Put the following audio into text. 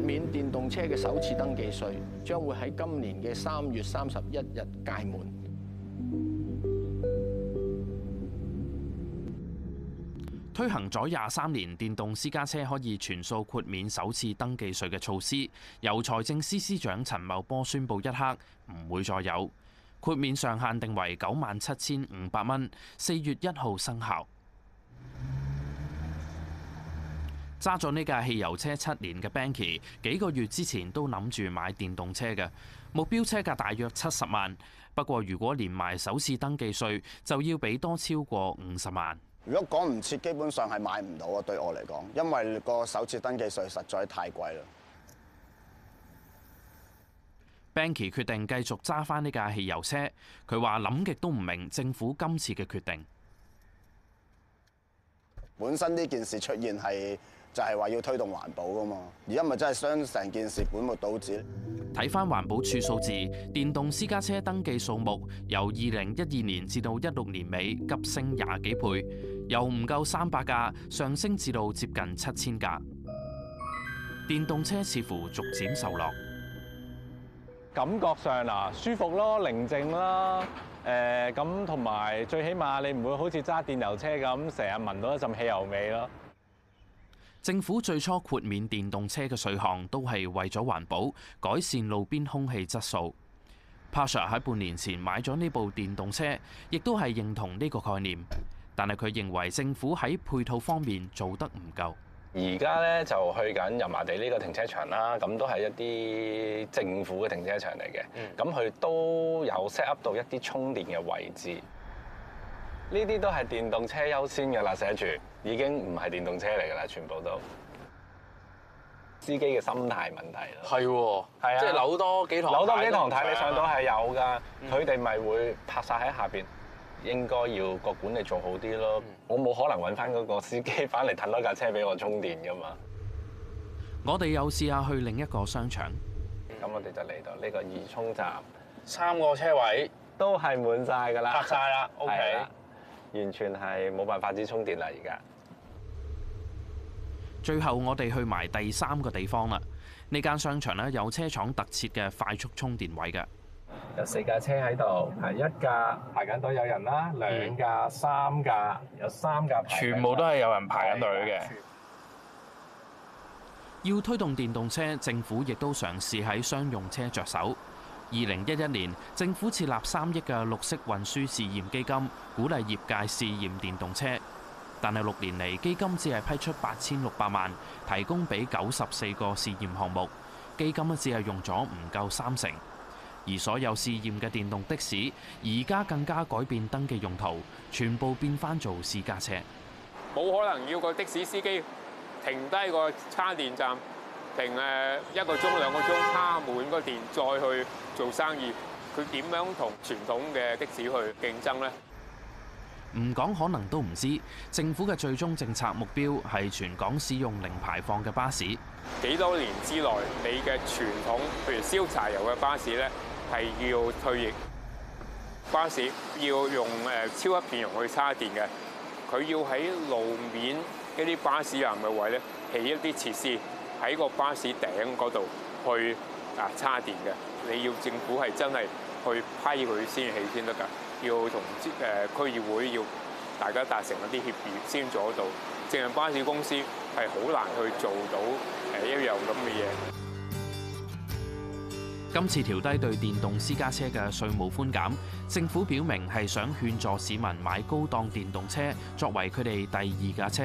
豁免電動車嘅首次登記稅將會喺今年嘅三月三十一日屆滿。推行咗廿三年電動私家車可以全數豁免首次登記稅嘅措施，由財政司司長陳茂波宣布一刻唔會再有。豁免上限定為九萬七千五百蚊，四月一號生效。揸咗呢架汽油車七年嘅 Benki，幾個月之前都諗住買電動車嘅，目標車價大約七十萬。不過如果連埋首次登記稅，就要俾多超過五十萬。如果講唔切，基本上係買唔到啊！對我嚟講，因為個首次登記稅實在太貴啦。Benki 決定繼續揸翻呢架汽油車，佢話諗極都唔明政府今次嘅決定。本身呢件事出現係。就係話要推動環保噶嘛，而家咪真係將成件事本末倒置。睇翻環保處數字，電動私家車登記數目由二零一二年至到一六年尾急升廿幾倍，由唔夠三百架上升至到接近七千架。電動車似乎逐漸受落。感覺上啊，舒服咯，寧靜啦，誒、呃，咁同埋最起碼你唔會好似揸電油車咁成日聞到一陣汽油味咯。政府最初豁免電動車嘅稅項，都係為咗環保、改善路邊空氣質素。Pasha 喺半年前買咗呢部電動車，亦都係認同呢個概念，但係佢認為政府喺配套方面做得唔夠。而家咧就去緊油麻地呢個停車場啦，咁都係一啲政府嘅停車場嚟嘅，咁佢都有 set up 到一啲充電嘅位置。呢啲都係電動車優先嘅啦，寫住已經唔係電動車嚟嘅啦，全部都 司機嘅心態問題咯。係喎，係 啊，即係扭多幾堂，扭多幾堂睇，你上到係有㗎，佢哋咪會拍晒喺下邊。應該要個管理做好啲咯。嗯、我冇可能揾翻嗰個司機翻嚟揼多架車俾我充電㗎嘛。我哋又試下去另一個商場。咁、嗯、我哋就嚟到呢個二充站，三個車位都係滿晒㗎啦， 拍晒啦，OK。完全係冇辦法之充電啦！而家最後，我哋去埋第三個地方啦。呢間商場呢，有車廠特設嘅快速充電位嘅，有四架車喺度，係一架排緊隊有人啦，兩架、三架，有三架全部都係有人排緊隊嘅。要推動電動車，政府亦都嘗試喺商用車着手。二零一一年，政府設立三億嘅綠色運輸試驗基金，鼓勵業界試驗電動車。但係六年嚟，基金只係批出八千六百萬，提供俾九十四個試驗項目，基金只係用咗唔夠三成。而所有試驗嘅電動的士，而家更加改變登記用途，全部變翻做私家車。冇可能要個的士司機停低個差電站。停誒一個鐘兩個鐘，叉滿個電，再去做生意。佢點樣同傳統嘅的士去競爭呢？唔講可能都唔知政府嘅最終政策目標係全港使用零排放嘅巴士。幾多年之內，你嘅傳統譬如燒柴油嘅巴士咧，係要退役。巴士要用誒超級電容去叉電嘅，佢要喺路面一啲巴士站嘅位咧起一啲設施。喺個巴士頂嗰度去啊，叉電嘅，你要政府係真係去批佢先起先得㗎，要同誒區議會要大家達成一啲協議先做得到，淨係巴士公司係好難去做到誒一樣咁嘅嘢。今次調低對電動私家車嘅稅務寬減，政府表明係想勸助市民買高檔電動車作為佢哋第二架車。